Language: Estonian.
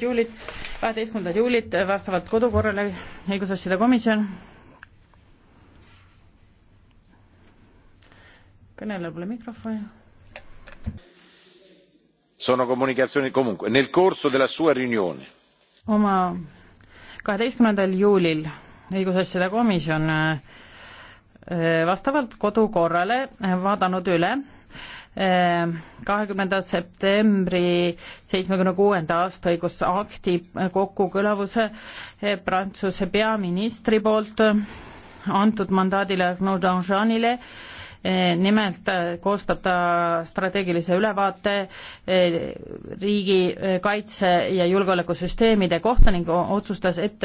juulit, kaheteistkümnendat juulit vastavalt kodukorrale õigusasjade komisjon. kõnelejal pole mikrofoni. Sono comunicazioni comunque nel corso della sua riunione. oma kaheteistkümnendal juulil õigusasjade komisjon eh, vastavalt kodukorrale eh, vaadanud üle Ehm, kahekümnenda septembri seitsmekümne kuuenda aasta õigusakti kokkukõlavuse eh, Prantsuse peaministri poolt eh, antud mandaadile Arnaud Danjanile eh, nimelt koostab ta strateegilise ülevaate riigi kaitse- ja julgeolekusüsteemide kohta ning otsustas, et